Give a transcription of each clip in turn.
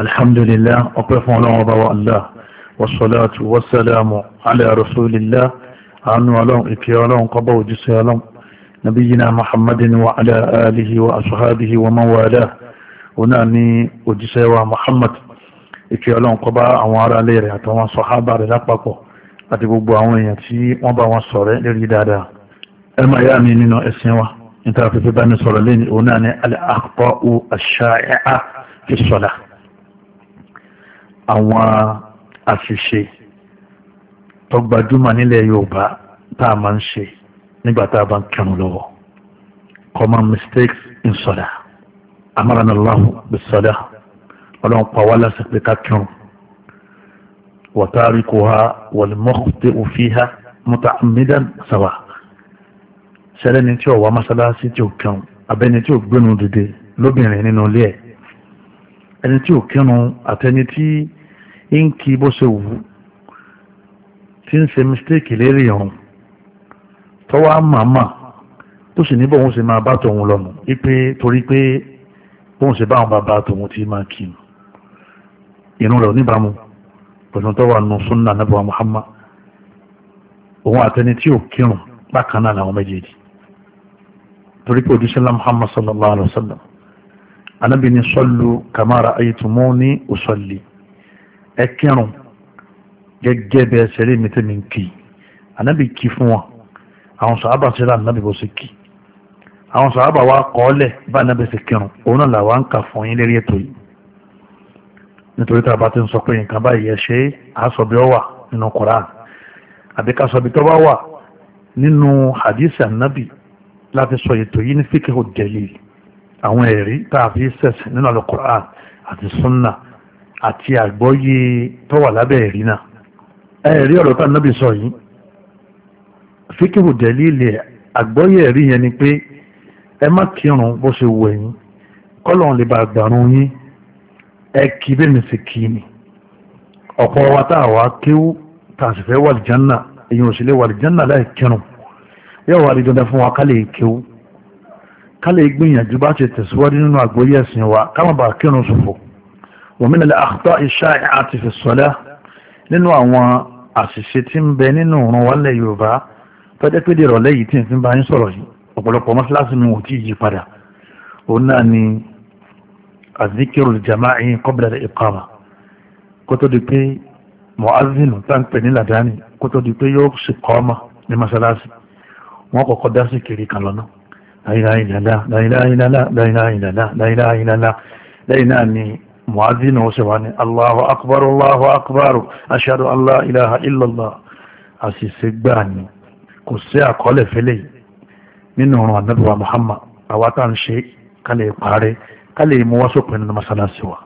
alhamdulillah ọpẹ́ fún ọlọ́run ọba wa allah wasalaatu wasalaamu ala rasulillah anu ọlọ́run ìkẹ́ ọlọ́run kọba òjíṣẹ́ ọlọ́run nabiyina muhammadin wa ala alihi wa asuhabihi wa mawala ona ni òjíṣẹ́ wa muhammad ìkẹ́ ọlọ́run kọba àwọn ará ilé rẹ̀ àtàwọn sọ̀hábà rẹ̀ lápapọ̀ àti gbogbo àwọn èèyàn tí wọ́n bá wọn sọ̀rẹ́ lórí dáadáa ẹ máa yá mi nínú ẹ̀sìn wa níta fífi bá mi sọ̀rọ̀ lẹ́ni ona ni al-akhtaa ash-sha'i'a fi as-salah àwọn àṣìṣe tó gbajúmọ̀ nílẹ̀ Yorùbá tá a máa ń ṣe nígbà tá a bá ń kírun lọ́wọ́ common mistakes in sọ́dà amárànà Allahu bí sọ́dà ọlọ́run pa wá lásìkò pé ká kírun wàtárí kò ha wàlúmọ́kùté òfin ha muta'ammidan sawa sẹ́lẹ̀ ni tí ò wá mọ́sálásí tí ò kírun abẹ́ni tí ò gbénu dìde lóbìnrin nínú ilé ẹ̀ ẹni tí ò kírun àtẹni tí ń kí bó ṣe wù tí ń ṣe mistake lérí ọ̀hún tọ́wọ́ á màmá tó sì ní bóun ṣe máa bá tòun lọ́nu wípé torí pé bóun ṣe bá àwọn bàbá tòun ti máa kí inú rẹ̀ oníbàámu pẹ̀lú tọ́wọ́ àánú súnà nàbọ̀ Muhammad òun àtẹni tí ò kírun bákan náà làwọn méjèèjì torí pé òjíṣẹ́ ńlá Muhammad sallallahu alayhi sallam Anabini ní kamara kàmára ayétumọ́ ní òsọ̀lì ẹ kírun gẹ́gẹ́ bẹ́ẹ̀ sẹ́rí mi tẹ́mi ń kì í anábì kì í fún wọn àwọn sàábà sẹ́rà anábì bó ṣe kì í àwọn sàábà wa kọ́ọ́lẹ̀ bá anábì ṣe kírun òun náà làwọn ń kà fún yín lérí ètò yìí nítorí tá a bá ti ń sọ pé nǹkan báyìí ẹ ṣe àásọ nínú Quran àbí ká tó bá wà nínú hadith anabi láti sọ ètò yìí ní fíkẹ́ òjẹ̀lì àwọn ẹ̀rí tá a fi sẹ̀sìn nínú Al-Qur'an àti sunna àti àgbọ́yé tó wà lábẹ́ ẹ̀rí náà ẹ̀rí ọ̀rọ̀ tá nábì sọ yìí fíkìbù dẹ̀lílẹ̀ àgbọ́yé ẹ̀rí yẹn ni pé ẹ má kírun bó ṣe wù ẹ̀yìn kọ́lọ̀ lè bá gbàrún yín ẹ kí bẹ́ẹ̀ mi sì kí ni ọ̀pọ̀ wa tá a wá kéwú tá a sì fẹ́ wà lìjánà èyí ò sì lè wà lìjánà láì kírun yóò wà lè fún wa ká lè kéwú ká lè gbìyànjú bá ṣe tẹ̀síwájú nínú àgbóyé ẹ̀sìn wa ká má bàa kírun ṣòfò òmìnira lè àkútọ́ iṣẹ́ àti fìsọ́lá nínú àwọn àṣìṣe tí ń bẹ nínú òrùn wálẹ̀ yorùbá tọ́jẹ́ pé dèrò lẹ́yìn tí n fi bá yín sọ̀rọ̀ yìí ọ̀pọ̀lọpọ̀ mọ́ṣáláṣí mi ò tí ì yí padà òun náà ni azikiru jama'i qabla al kó tó di pé mọ̀ázínù tá ń pè ní làdáni kó tó láìláìlá mu'adhdhin ó sì wá ní Allahu akbar Allahu akbar ashhadu an la ilaha illallah àṣìṣe gbáà ni kò sí àkọọ́lẹ̀ fẹ́lẹ̀ nínú ọ̀run ànábìwá Muhammad àwátá ń ṣe kálẹ̀ parẹ́ kálẹ̀ mú wá sópin nínú masalasi wa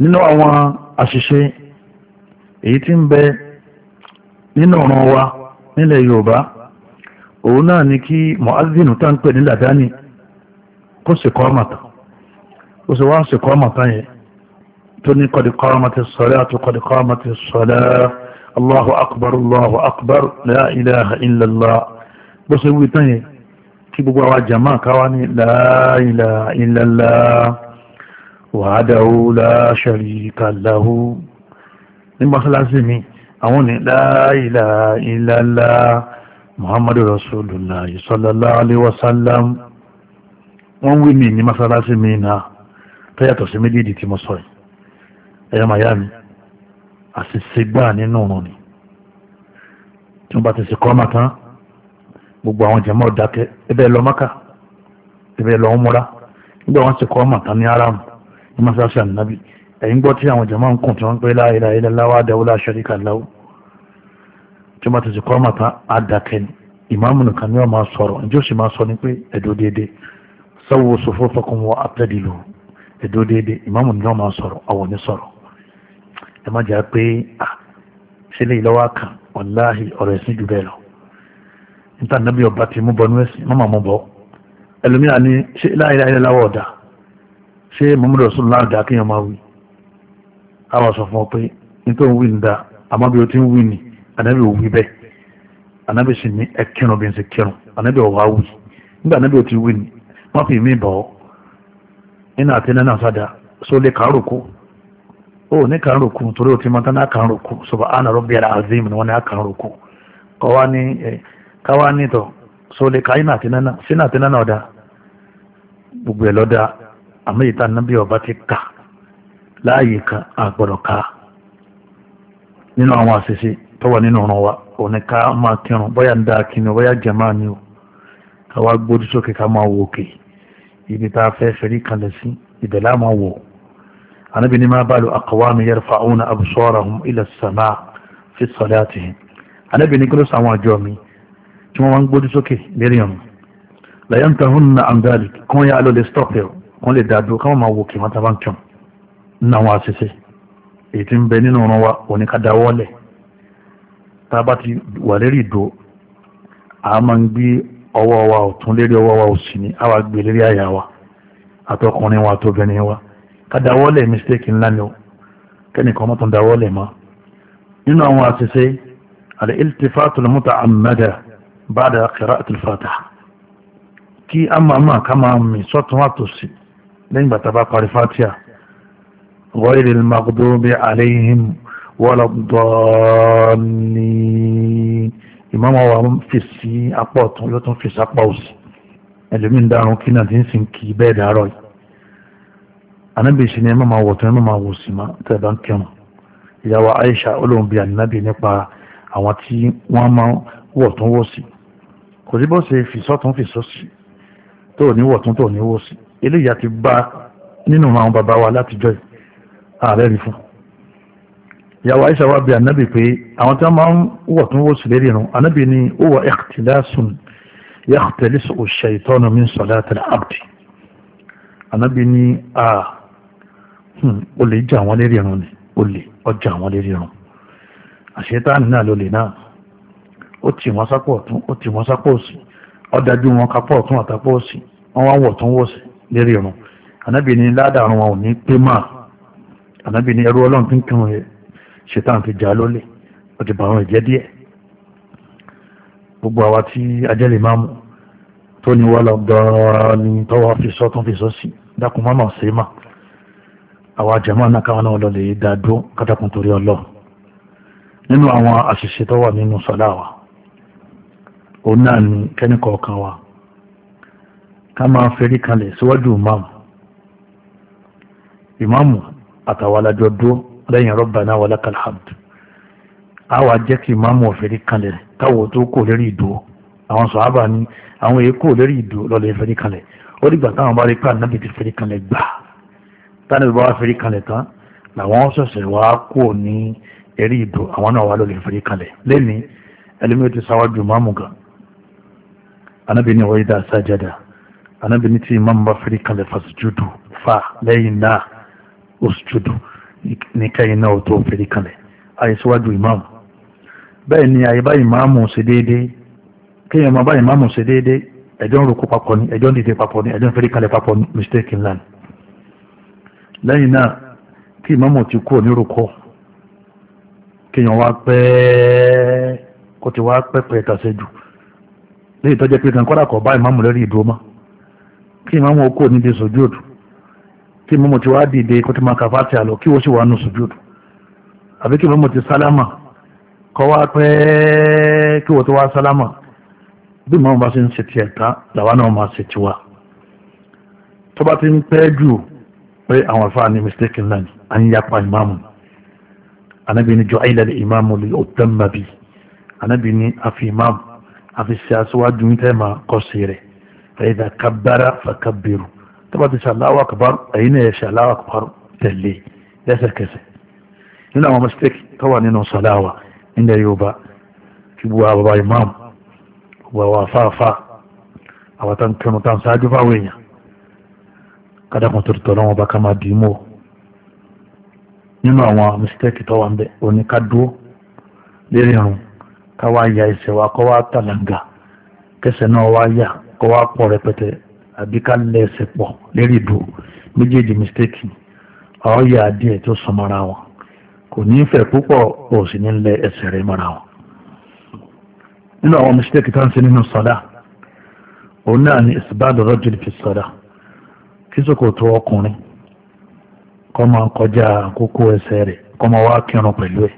nínú àwọn àṣìṣe èyí tí ń bẹ nínú ọ̀run wa nílẹ̀ Yorùbá òun náà ni kí mọ̀ázínù tá ń pè ní làdáni kó sì kọ́ ọmọ tán ó sì wá sì kọ́ ọmọ tán yẹn tó ní kọ́dí kọ́ ọmọ ti sọ́lá àti kọ́dí kọ́ ọmọ ti sọ́lá allahu akbar allahu akbar la ilaha illallah bó ṣe wí tán yẹn kí gbogbo àwa jama káwa ní la ilaha illallah wahdahu la sharika lahu ní mọ́sálásí mi àwọn ní la ilaha illallah muhammadu rasulullah الله alaihi wasallam wọ́n wí mi ní masalasi mi náà tó yàtọ̀ sí méjèèjì tí mo sọ yìí ẹ̀yọ́ miami àṣìṣe gbà nínú òun ni tí wọ́n bá ti ṣe kọ́mà tán gbogbo àwọn jẹ̀mọ́ dákẹ́ ẹbẹ̀ lọ mọ́kà ẹbẹ̀ lọ múra nígbà wọn ṣe kọ́mà tán ní aram ní masalasi ànábì ẹ̀yìn gbọ́ tí àwọn jẹ̀mọ́ ń kùn tí wọ́n ń pè láìláìláwà dáwọ́lá ṣẹ́ríkà láwọ́ tí wọ́n ti ti kọ́ màtá àdàkẹ́ ni ìmáàmù nìkan ni wọ́n máa sọ̀rọ̀ ǹjẹ́ ó sì máa sọ ni pé ẹ̀dọ́ déédéé sáwọ́ sọ̀fọ́ fọkàn wọ àtẹ́dìlú ẹ̀dọ́ déédéé ìmáàmù ni wọ́n máa sọ̀rọ̀ àwọn ní sọ̀rọ̀ ẹ má jà pé à ṣe lè lọ́wọ́ kan wàláhì ọ̀rọ̀ ẹ̀sìn jù bẹ́ẹ̀ lọ níta nàbí ọba ti mú bọnú ẹ̀sìn má má mú bọ́ ẹlòmíràn ni ṣé láìláì ana bɛ o wi bɛ ana bɛ si ɛkiru ɔbɛnze kiru ana bɛ o wawu ɛ ɛndi ana bɛ o ti wi ɔ ma fii mi bao ɛ na ati nɛna sa da sole kanroku o ni kanroku torotima tana kanroku soba anaru biara azim na ɔna kanroku kawani ɛ kawani tɔ sole ka ɛ na ati nɛna ɛ na ati nɛna ɔda gbogbo ɛ lɔ da ameita nabi ɔba tɛ ka laa ka agbọrɔ ka ɛ na ɔ tó wà nínú ọ̀ràn wa òní ká máa kírun bóyá ń dá kíni bóyá jẹ̀má ni o ká wá gbójú sókè ká máa wò òkè ibi tá a fẹ́ fẹ́rí kalẹ̀ sí ibẹ̀ láà máa wò Ànábì ní ma balu aqwami yarfa'una absarahum ila as-sama' fi salatihim Ànábì ní kí ló sàwọn àjọ mi tí wọ́n máa ń gbójú sókè lérí ọ̀run la yantahunna an dhalik kí wọ́n yá lọ lè stop ẹ̀ wọ́n lè dàdú káwọn máa wò kí wọ́n ta ń kírun nínú àwọn àṣìṣe èyí tí ń bẹ nínú ọ̀ràn wa òní ká dáwọ́ lẹ̀ tá a bá ti wà lérí ìdó a máa ń gbé ọwọ́ wa ọ̀tún lérí ọwọ́ wa òsì ni a wá gbé lérí àyà wa àtọkùnrin wa àtọbìnrin wa ká dáwọ́lẹ̀ mistake ńlá ni o kẹ́nìkan mọ́tò ń dáwọ́lẹ̀ mọ́ nínú àwọn àṣìṣe àlẹ́ iltifatu muta'ammada ba'da qira'atil fatiha kí a máa máa ká máa mì sọ́tún àtòsí lẹ́yìn gbàtà bá parí fatiha ghayril maghdubi alayhim wọ́lọ̀ dọ́ọ̀ni ìmọ̀mọ̀ wa ń fi sí apá ọ̀tún ló tún fi sápá òsì ẹlòmí ń dárun kí náà ti ń sìn kí bẹ́ẹ̀ dárọ̀ yìí anábì sí ni ẹ má máa wọ̀tún ẹ má máa wò sí ma tẹ̀ bá ń kírun ìyàwó Aisha olóhùn bíi ànínábì nípa àwọn tí wọ́n máa wọ̀tún wò sí kò sí bó ṣe fi sọ́tún fi sọ́sì tó ní wọ̀tún tó ní wò sí eléyìí àti bá nínú àwọn bàbá wa látijọ́ yìí ààrẹ rí fún un yàwó àyíṣà wa bí anabi pé àwọn tí wọ́n máa ń wọ̀ tó ń wọ́ sílẹ̀ rìn anabi ni ó wọ ẹ̀kìtìlásùn yàtẹ̀lẹ́sọ̀ òṣèṣẹ́tọ́nù mi sọ̀dá tẹ̀lé abdi anabi ni a hmm, o lè jà wọ́n lérí irun ni o lè ọjà wọ́n lérí irun àṣetáàni náà ló lè náà ó tì wọ́n sápọ̀ ọ̀tún ó tì wọ́n sápọ̀ òsì ọ̀dájú wọn kápọ̀ ọ̀tún àtàpọ̀ òsì wọ́n wá wọ̀ tún wọ̀ sí lérí irun anabi ni ládàrún wọn ò ní pé máa anabi ni ẹrú ọlọ́run tó ń kírun yẹn ṣetán fi jà lólè ó ti bà wọn jẹ́ díẹ̀ gbogbo àwa tí ajẹ́lẹ̀ máa mú tó ní wàhálà gbọ́ọ́rọ́ ni tọ́wọ́ fi sọ tún fi sọ sí dákun má mà ṣe mà àwa jẹ̀mọ́ náà káwọn náà lọ́lẹ̀ dá dúró kátàkùn torí ọlọ́ nínú àwọn àṣìṣe tó nínú sọ́lá wa òun náà ni kẹ́nìkọ̀ọ̀kan wa ká máa ferí kalẹ̀ síwájú ìmáàmù ìmáàmù àtàwọn alájọ dúró lẹ́yìn Rabbana wa lakal hamd àwa jẹ́ kí ìmáàmù ọ̀fẹ́rí kanlẹ̀ káwọ̀ tó kò lérí ìdúró àwọn sọ̀hábà ni àwọn èkó lérí ìdúró lọ́lẹ̀ ìfẹ́rí kanlẹ̀ ó dìgbà táwọn bá rí pé ànábì ti fẹ́rí kanlẹ̀ gbà tánàbì bá wá fẹ́rí kanlẹ̀ tán làwọn sọ̀sẹ̀ wá kò ní ẹ̀rí ìdúró àwọn náà wà lọ́lẹ̀ ìfẹ́rí kanlẹ̀ lẹ́ni ẹlẹ́mi ti sáwájú ìmáàmù gan ànábì ni wọ́yí dá sájádà ànábì ni tí ìmáàmù bá fẹ́rí kanlẹ̀ fàṣ ní kẹ́yìn náà tó fèrè kanlẹ̀ àyè síwájú ìmáàmù bẹ́ẹ̀ ni àyè bá ìmáàmù ṣe déédéé kéèyàn máa bá ìmáàmù ṣe déédéé ẹjọ́ ń roko papọ̀ ni ẹjọ́ ń dìde papọ̀ ni ẹjọ́ ń fèrè kanlẹ̀ papọ̀ ni mistake ńlá ni lẹ́yìn náà kí ìmáàmù ti kúrò ní roko kéèyàn wá pẹ́ẹ́ kó ti wá pẹ́pẹ́ tàṣẹ́jù léyìí tó jẹ́ pé kankan kọ́dà kọ́ bá ìmáàmù lórí ìdúró tí mọ́mọ́ ti wá dìde kó ti máa kà fàtí àlọ́ kí wọ́n sì wà nù sùjúdù àbí kí mọ́mọ́ ti sálámà kọ́ wá pẹ́ kí wọ́n tó wá sálámà bí mọ́mọ́ bá ṣe ń ṣe tiẹ̀ tán làwa náà máa ṣe tiwa tó bá ti ń pẹ́ jù pé àwọn afáà ní mistake ńlá ni à ń yapa ìmáàmù anábì ní jọ ayílẹ̀ ìmáàmù lè ó tẹ́ mọ́ bí anábì ní àfi ìmáàmù àfi ṣe aṣíwájú ń tẹ́ máa kọ́ sí rẹ̀ fẹ́ ìdá kábára fà kábìrù tọ́ba ti Allahu Akbar ẹ̀yin náà ṣe Allahu Akbar tẹ̀lé lẹ́sẹ̀kẹsẹ̀ nínú àwọn mistake tó wà nínú sàláwà nílẹ̀ Yorùbá kí bu àbàbà imam wà wà fáfá àwọn tó ń kẹnu tó ń ṣáájú fáwọn èèyàn kádàkùn tó tọ̀ lọ́wọ́ bá ká máa dìímọ̀ nínú àwọn mistake tó wà ń bẹ òní ká dúró lérí àrùn ká wá ya ẹsẹ̀ wa kó wá tàlàǹgà kẹsẹ̀ náà wá yà kó wá pọ̀ rẹpẹtẹ àbí ká lẹ́sẹ̀ pọ̀ lérí ìdúró méjèèjì mistake ọ̀ọ́yà díẹ̀ tó sọ mọ́ra wọn kò ní fẹ̀ púpọ̀ ò sì ní lẹ ẹsẹ̀ rẹ̀ mọ́ra wọn. nínú àwọn mistake tó ń ṣe nínú sọ́dá òun náà ni ìsìbáàdù rọ́jìlì fi sọ́dá kí ṣòkòtò ọkùnrin kọ́ máa kọjá kókó ẹsẹ̀ rẹ̀ kọ́ máa wá kírun pẹ̀lú ẹ̀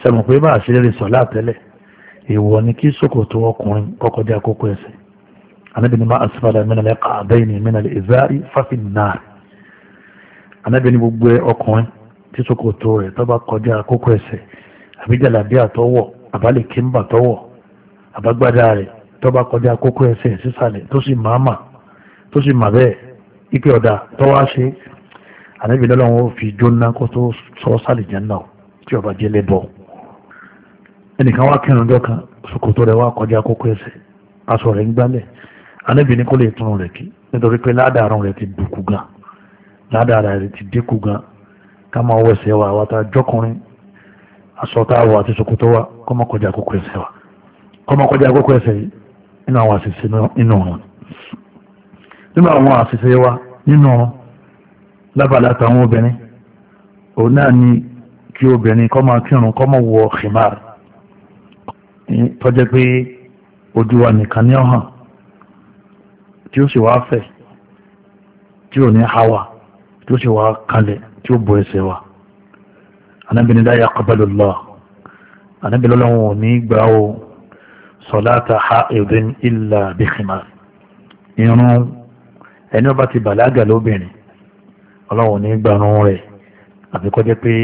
sẹ́gun pé bá àṣírí sọ́lá tẹ́lẹ̀ èèwọ̀ ni kí ṣòkòtò ọkùnrin kọ́ kọjá kókó ẹsẹ̀ anábì ni máa asfala mẹ́nà lẹ́ka àbẹ́yìn mẹ́nà lè ìzáàrí fáfin náà anábì ni gbogbo ọkùnrin tí ṣòkòtò rẹ̀ tó bá kọjá àkókò ẹsẹ̀ àbí jàlábíà àtọwọ̀ àbálẹ̀ kíńbà tọwọ̀ àbágbádá rẹ̀ tó bá kọjá àkókò ẹsẹ̀ sísàlẹ̀ tó sì máa mà tó sì mà bẹ́ẹ̀ ipe ọ̀dà tọ́wọ́ ṣe anábì lọ́lọ́wọ́ fi jóná kó tó sọ sálì jẹ́nà tí ọba jẹ́ lẹ́bọ̀ ẹnìkan wá kírun ọjọ́ kan ṣòkòtò rẹ̀ wá kọjá àkókò ẹsẹ̀ aṣọ rẹ̀ ń gbálẹ̀ anábì ní kó lè tún rẹ̀ kí nítorí pé ládàárọ̀ rẹ̀ ti dùkú gan ládàárọ̀ rẹ̀ ti dínkù gan ká máa wẹ̀sẹ̀ wa àwọn tá a jọkùnrin aṣọ tá a wọ àti ṣòkòtò wa kó má kọjá àkókò ẹsẹ̀ wa kó má kọjá àkókò ẹsẹ̀ yìí nínú àwọn àṣìṣe nínú ọ̀run nínú àwọn àṣìṣe wa nínú ọ̀run lábàlá táwọn obìnrin òun náà ni kí obìnrin kó máa kírun kó máa wọ khimar tí ó sì wá fẹ̀ tí ò ní hawa tí ó sì wá kalẹ̀ tí ó bọ ẹsẹ̀ wa anábìnrin la yaqbalu Allah anábìnrin lọ́wọ́ ní gbà ó salata ha'idin illa bi khimar irun ẹni ọba ti bàlágà lóbìnrin ọlọ́run ní gbanú rẹ̀ àfi pé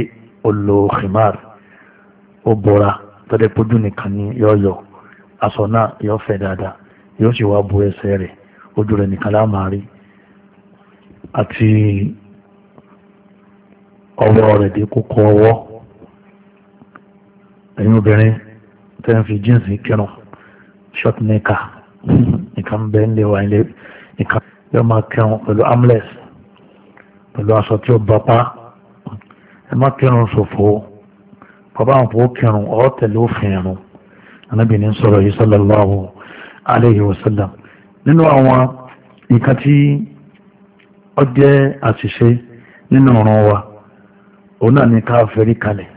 ó lo ó bọ́ra tọ́jú nìkan ní yọ̀ọ̀yọ̀ aṣọ náà yọ̀ọ́ dáadáa yóò sì wá bu ẹsẹ̀ rẹ̀ ojú rẹ̀ nìkan láà máa rí àti ọwọ́ rẹ̀ dé kókó ọwọ́ ẹ̀yin obìnrin tẹ́ ń fi jíǹsì kírun short nika nìkan ń bẹ ńlẹ̀ wà ńlẹ̀ nìkan yóò máa kírun pẹ̀lú amles pẹ̀lú aṣọ tí ó bapá ẹ má kírun ṣòfò bàbá àwọn fowó kírun ọ̀ tẹ̀lé òfin ẹ̀rùn anábìíní sọ̀rọ̀ yìí sallallahu alayhi wa sallam nínú àwọn nǹkan tí ó jẹ́ àṣìṣe nínú ọ̀ràn wa òun náà ni ká fẹ́rí kalẹ̀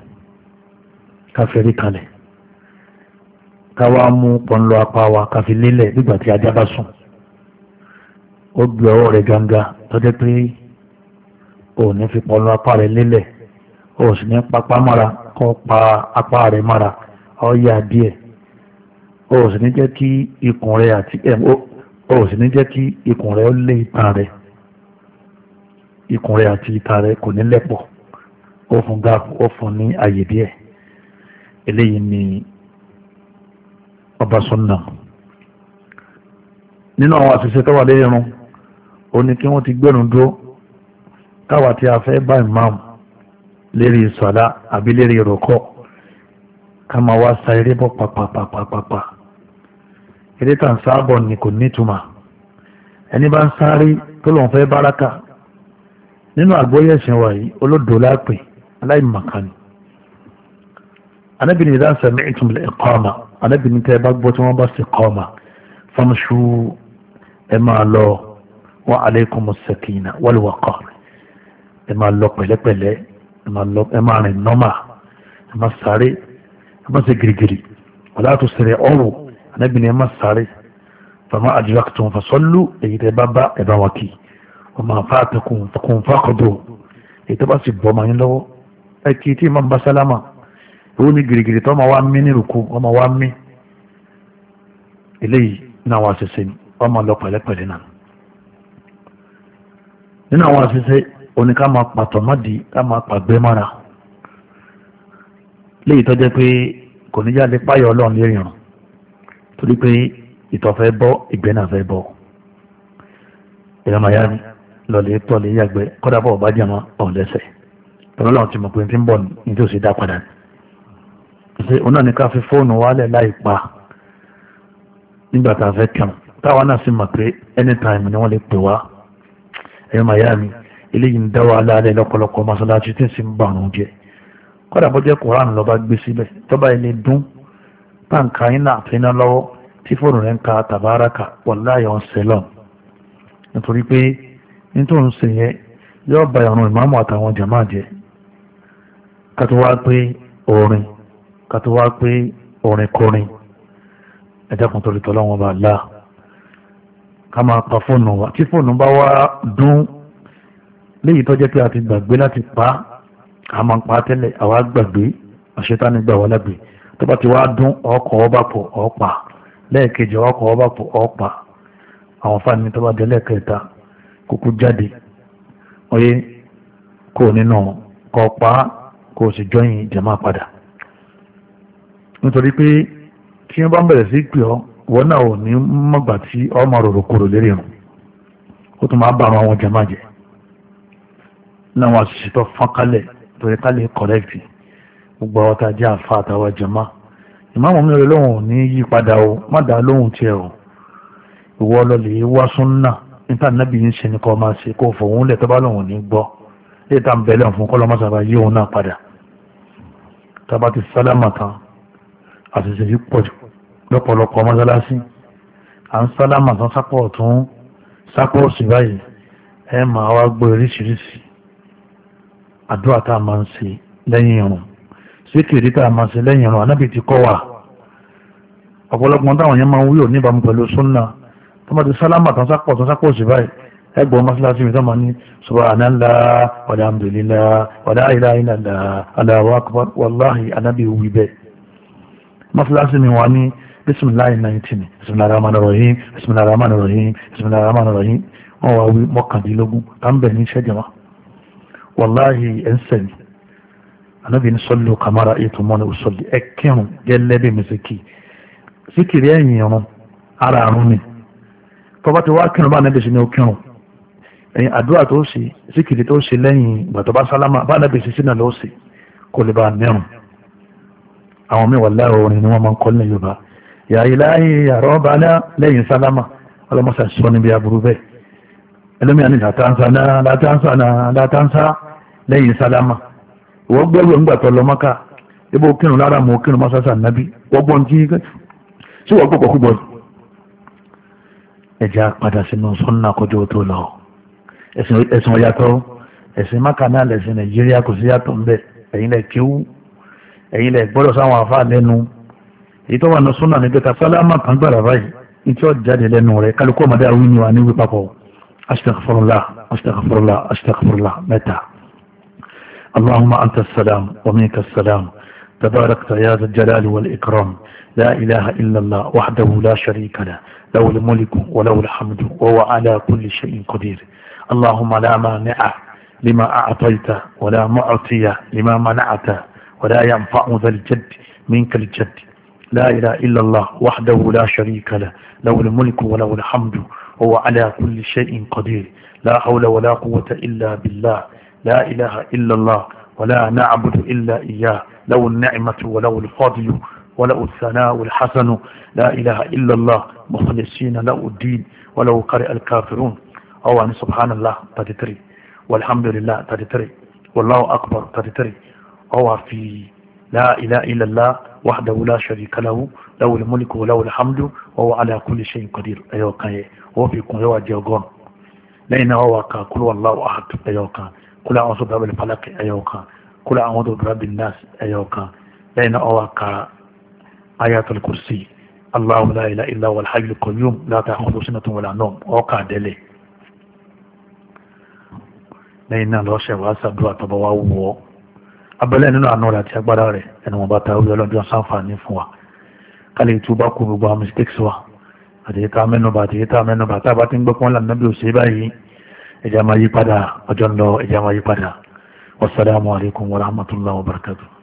ká fẹ́rí kalẹ̀ ká wá mú pọ̀nlọ apá wa ká fi lélẹ̀ nígbà tí ajá bá sùn ó gbé ọwọ́ rẹ̀ ganga tó jẹ́ pé ò ní fi pọ̀nlọ apá rẹ̀ lélẹ̀ ò sì ní papá mára kó pa apá rẹ̀ mára ó yà díẹ̀ ò sì ní jẹ́ kí ikùn rẹ̀ àti ẹ̀ o sì ní jẹ́ kí ikùn rẹ̀ ó lé itan rẹ̀ ikùn rẹ̀ àti itan rẹ̀ kò ní lẹ́pọ̀ ó fún gáàpù ó fún ní àyè díẹ̀ eléyìí ni ọba sunna nínú àwọn àṣìṣe tó wà lé irun ó ní kí wọ́n ti gbẹ̀rún dúró káwa tí a fẹ́ bá ìmáàmù lérí sọ̀dá àbí lérí rọ̀kọ́ ká máa wá sa eré bọ́ pàpàpàpàpà eré tàn sáàbọ̀ ni kò nítumọ̀ ẹni bá ń sáré tó lòun fẹ́ báraka nínú àgbóyè ẹ̀sìn wa yìí olódò lápè aláìmọ̀kánì anábìnrin ìdá sẹ̀mí ìtumọ̀ ìkọ́ọ̀mà anábìnrin tẹ́ ẹ bá gbọ́ tí wọ́n bá sì kọ́ọ̀mà fọ́nṣú ẹ máa lọ wa alaykum as-sakina wal waqar ẹ máa lọ pẹ̀lẹ́pẹ̀lẹ́ ẹ máa rìn nọ́mà ẹ máa sáré ẹ máa ṣe gírígírí wala tusri'u anábì ni ẹ má sáré fama adraktum fasallu èyí tẹ́ bá bá ẹ bá wọn kì wa ma fatakum fakun faqdu èyí tó bá sì bọ́ máa ń lọ́wọ́ ẹ kì í tí ìmọ̀ bá sálámà ìwọ ni gìrìgìrì tó máa wá mí ní rúkú wọ́n máa wá mí eléyìí náà wá ṣẹṣẹ ni na máa lọ pẹ̀lẹ́pẹ̀lẹ́ náà nínú àwọn àṣẹṣe oní ká máa pàtọ́ má di ká máa pàgbẹ́ mára léyìí tó jẹ́ pé kò ní jáde páyọ̀ ọlọ́run lérìn torí pé ìtọ̀ fẹ́ bọ́ ìgbẹ́ náà fẹ́ bọ́ ìrànmáyá ni lọ́lẹ̀ tọ́lẹ̀ yàgbẹ́ kọ́dà bọ̀ bá jẹ̀mọ́ ọ̀lẹ́sẹ̀ tọ́lọ́ làwọn ti mọ̀ pé ti ń bọ̀ ní tí ò sì dá padà ní. ṣe òun náà ní ká fi fóònù wálẹ̀ láì pa nígbà tá a fẹ́ kàn táwa náà sì mọ̀ pé anytime ni wọ́n lè pè wá ìrànmáyá mi eléyìí ń dá wa láàrẹ lọ́pọ̀lọpọ̀ mọ́sálásí tí ń sì ń bà wọn jẹ kọ́dà bọ́jẹ́ kùránù lọ́ba gbé síbẹ̀ tọ́ba ẹni dún táǹkà iná àtẹná lọ́wọ́ tí fóònù rẹ̀ ń ka tàbáraka wàláyà ń sẹlọ̀ nítorí pé nítorí ń sè yẹn yóò ba ìrun ìmáàmù àtàwọn jàmáà jẹ kátó wá pé orin kátó wá pé orin kọrin ẹ̀dá kan torí tọ́lọ́wọ́n bá láà ká máa pa fóònù wa tí fóònù bá wá dún léyìí tó jẹ́ pé a ti gbàgbé láti pa á máa pa á tẹ́lẹ̀ àwa gbàgbé àṣetánì gbà wá tó bá ti wá dún ọkọ̀ ọba pọ̀ lẹ́ẹ̀kejì ọkọ̀ ọba pọ̀ àwọn tó bá lẹ́ẹ̀kẹta kúkú jáde oyé kò nínú kọ kò sì jọyìn jẹ̀má padà nítorí pé tí wọ́n bá ń bẹ̀rẹ̀ sí pè ọ́ wọ́n náà ò ní mọ̀gbà tí ọmọ lérí rùn ó tún máa bá gbogbo àwọn tá a jẹ́ àfa àtàwọn jàmá ìmáàmù mi rẹ̀ lóhùn ní yí padà o má dàá lóhùn tiẹ̀ o ìwọ lọlẹ̀ wá súnà níta nábì yín ṣe ni kò máa ṣe kó fòun lẹ̀ tó bá lóhùn ní gbọ́ lè tá à ń bẹ̀lẹ̀ fún kọ́ lọ́mọ́sá bá yí òun náà padà tába ti sálámà tán àṣìṣe yìí pọ̀ lọ́pọ̀lọpọ̀ mọ́sálásí à ń sálámà tán sápọ̀ tún sápọ̀ sí báyìí ẹ máa wá gbọ́ oríṣiríṣi àdúrà tá a máa ń ṣe lẹ́yìn irun síkìrì tá a máa ṣe lẹ́yìn ọ̀run anábì ti kọ́ wa ọ̀pọ̀lọpọ̀ táwọn yẹn máa ń wí òní ìbámu pẹ̀lú súnà tó bá ti sálámà tán sápọ̀ tán sápọ̀ sí báyìí ẹgbọ́n mọ́sálásí mi tọ́mọ ní subhanallah walhamdulillah wala ilaha illallah Allahu akbar wàláhì anábì wí bẹ́ẹ̀ mọ́sálásí mi wà ní bisimilayi nineteen bisimilayi rahman rahim bisimilayi rahman rahim bisimilayi rahman rahim wọ́n wá anabi ní sọ́lù kàmárà ètò mọ́ni òsọ́lì ẹ kírun gẹ́lẹ́ bí mẹ́sẹ̀kì síkìrì ẹ̀yìn irun ara àrùn ni tọ́ba ti wá kírun bá anabi sí ni ó kírun ẹ̀yìn àdúrà tó ṣe síkìrì tó ṣe lẹ́yìn gbàtọ́ba sálámà bá anabi sí sínú ló ṣe kó lè bá mẹ́rùn àwọn mẹ́wàá láàrọ̀ orin ni wọ́n máa ń kọ́ ní yorùbá yàrá ìláyé yàrá ọba lẹ́yìn sálámà ọlọ́mọṣà sọ níbi aburú bẹ́ẹ̀ ẹlẹ́mìíràn ni látàǹsà náà látàǹsà náà látàǹsà lẹ́yìn ìwọ́n gbẹ́rù ẹ̀ ńgbà tó lọ mọ́ká ibo kírun lára mọ́ kírun mọ́sáàsà nábí wọ́gbọ́n tí sí wọ́n gbọ́kọ̀ kúbọ̀ ẹ̀já padà sínú sọ́nà kọjọ́ tó lọ ẹ̀sìn ọ̀yàtọ̀ ẹ̀sìn mọ́ká náà lẹ̀sìn nàìjíríà kò sí yàtọ̀ ńbẹ ẹ̀yin lẹ̀ kíw ẹ̀yin lẹ̀ gbọ́dọ̀ sáwọn àfa lẹ́nu èyí tó wà ní sọ́nà ní pẹ́ta sálámà kan gbàrà اللهم أنت السلام ومنك السلام تباركت يا ذا الجلال والإكرام لا إله إلا الله وحده لا شريك له له الملك وله الحمد وهو على كل شيء قدير اللهم لا مانع لما أعطيت ولا معطي لما منعت ولا ينفع ذا الجد منك الجد لا إله إلا الله وحده لا شريك له له الملك وله الحمد وهو على كل شيء قدير لا حول ولا قوة إلا بالله لا إله إلا الله ولا نعبد إلا إياه له النعمة وله الفضل وله الثناء والحسن لا إله إلا الله مخلصين له الدين ولو قرئ الكافرون أو أن سبحان الله 33 والحمد لله 33 والله أكبر 33 أو في لا إله إلا الله وحده لا شريك له له الملك وله الحمد وهو على كل شيء قدير أيوة كان وفي كون يواجه قوم لأنه هو كل والله أحد أيوة كان kúlẹ̀ àwọn sọ̀rọ̀ bẹ̀rẹ̀ pálákì ẹ̀yọ̀ kan kúlẹ̀ àwọn sọ̀rọ̀ bẹ̀rẹ̀ bìndáàs ẹ̀yọ̀ kan lẹ́yìn náà ọwọ́ ka ayatul kursi Allahu la ilaha illa huwal hayyul qayyum la ta'khudhuhu sinatun wala nawm ọkà dẹ́lẹ̀ lẹ́yìn náà lọ́sẹ̀ wàá sàdúrà tọ́ba wá wù ọ́ abẹ́lẹ́ nínú àánú rẹ̀ àti agbára rẹ̀ ẹnu wọn bá ta orí ọlọ́dún sáǹfààní fún wa ká lè tú bá kú gbogbo mistakes wa àti yíká mẹ́nubà àti yíká mẹ́nubà tá a bá ti ń gbọ́ pọ́n lànà bí òṣèré báyìí ẹ̀já máa yí padà ọjọ́ ń lọ ẹ̀já máa yí padà wasalaamu alaykum wa rahmatulah wa barakatuh.